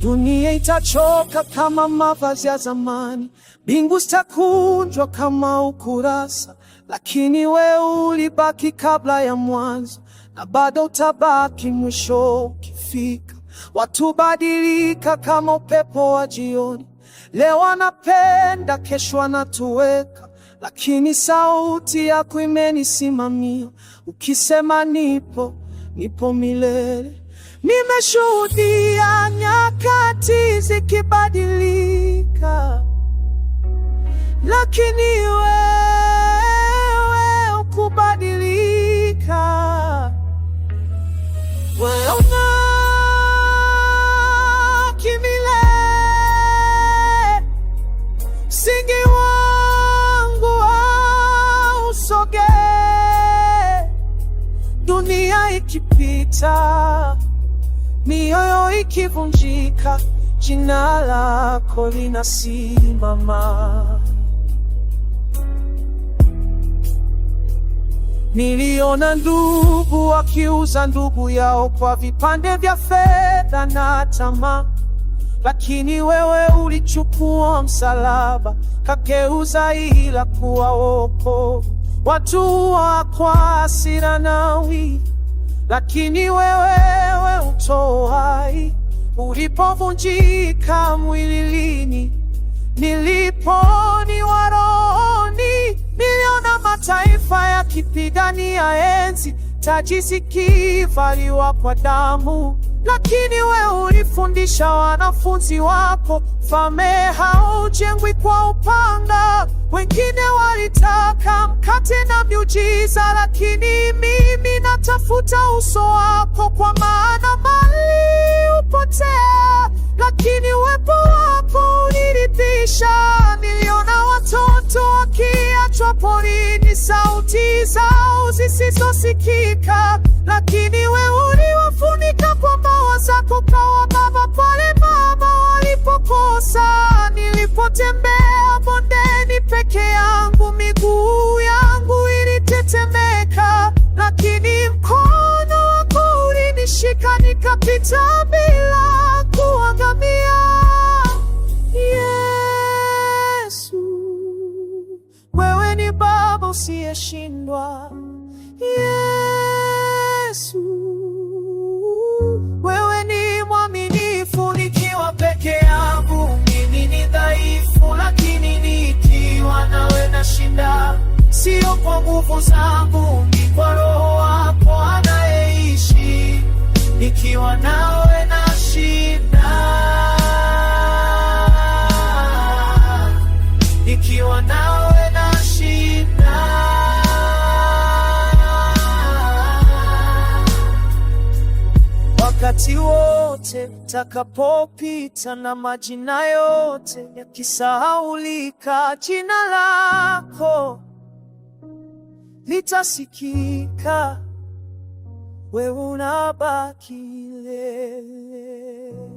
Dunia itachoka kama mavazi ya zamani, mbingu zitakunjwa kama ukurasa, lakini we ulibaki kabla ya mwanzo, na bado utabaki mwisho ukifika. Watu badilika kama upepo wa jioni, leo anapenda kesho anatuweka lakini sauti yako imenisimamia, ukisema nipo, nipo milele. Nimeshuhudia nyakati zikibadilika, lakini wewe ukubadilika wewe msingi wangu ausoge, dunia ikipita, mioyo ikivunjika, jina lako linasimama. Niliona ndugu wakiuza ndugu yao kwa vipande vya fedha na tamaa lakini wewe ulichukua msalaba kakeuza ila kuwa wokovu. Watu wako hasira nawi, lakini wewe we utohai Ulipovunjika mwililini niliponiwa roho mataifa yakipigania enzi, taji zikivaliwa kwa damu. Lakini we ulifundisha wanafunzi wako, fame haujengwi kwa upanga. Wengine walitaka mkate na miujiza, lakini mimi natafuta uso wako, kwa maana mali upotea, lakini uwepo wako uniridhisha. Niliona watoto wakiachwa pori sauti zao zisizosikika, lakini wewe uliwafunika kwa mbawa zako. Kawa baba pale mama walipokosa, nilipotembea bondeni peke yangu, miguu yangu ilitetemeka, lakini mkono wako ulinishika, nikapita bila kuangamia. Yesu, wewe ni baba usiyeshindwa. Yesu, wewe ni mwaminifu. Nikiwa peke yangu mimi ni dhaifu, lakini nikiwa nawe nashinda, sio kwa nguvu zangu, ni kwa wakati wote utakapopita na majina yote yakisahaulika, jina lako litasikika, wewe unabaki milele.